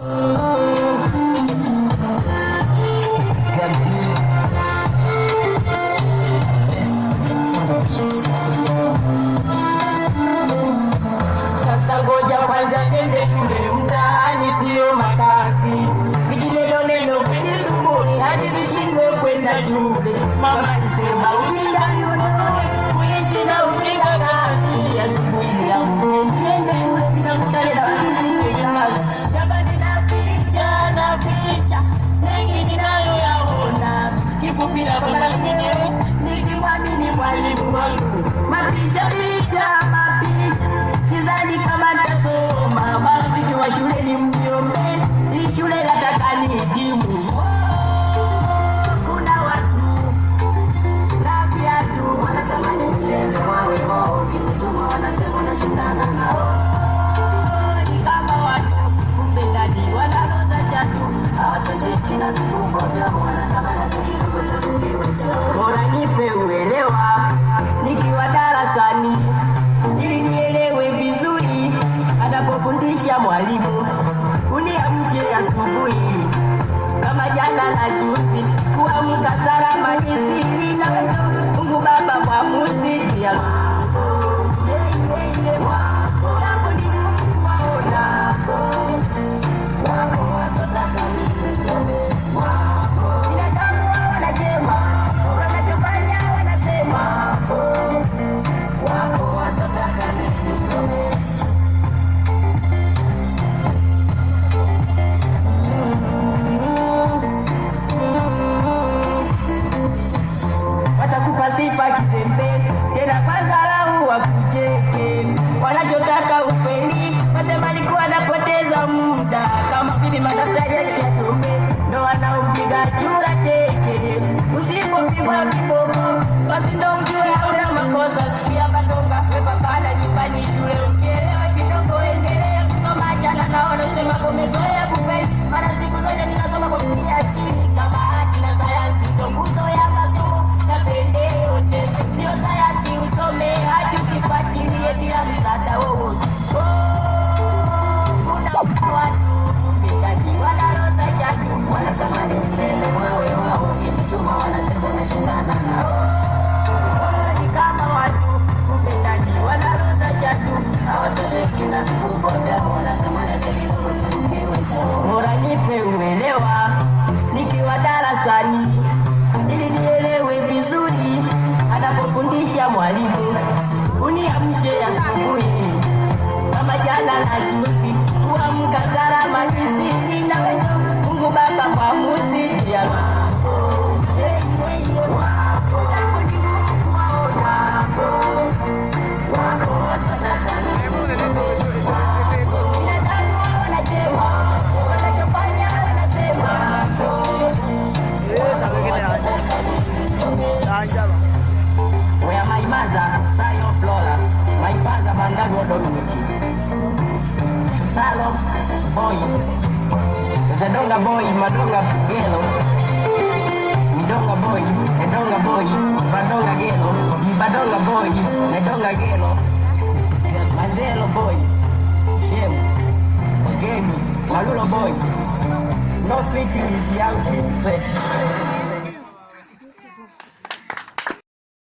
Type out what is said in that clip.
Mama, you say, how did I know? Where should I bila baba Mapicha picha kama nitasoma. Marafiki wa ni shule nataka nihitimu. Kuna watu Bora nipe uelewa nikiwa darasani, ili nielewe vizuri anapofundisha mwalimu. Uniamshe asubuhi kama jana na juzi, kuamka salama nisikina siri. Mungu Baba mwamuzi Mimi madaftari yake yatumbe, ndo anaumpiga chura cheke. Usipopigwa viboko, basi ndo ujue hauna makosa. Shia madonga wepa pala nyumbani shule, ukielewa kidogo endelea kusoma, jana naona sema kumezoea kulala juzi, kuamka salama jinsi inaweza. Mungu Baba kwa muziki ya Where my mother, Sion Flora, my father, Mandago Dominic. Salom boy, zadonga boy, madonga gelo, midonga boy, nedonga boy, madonga gelo, mibadonga boy, nedonga gelo, mazelo boy, shem, gemi, malulo boy, no sweet is out in fresh.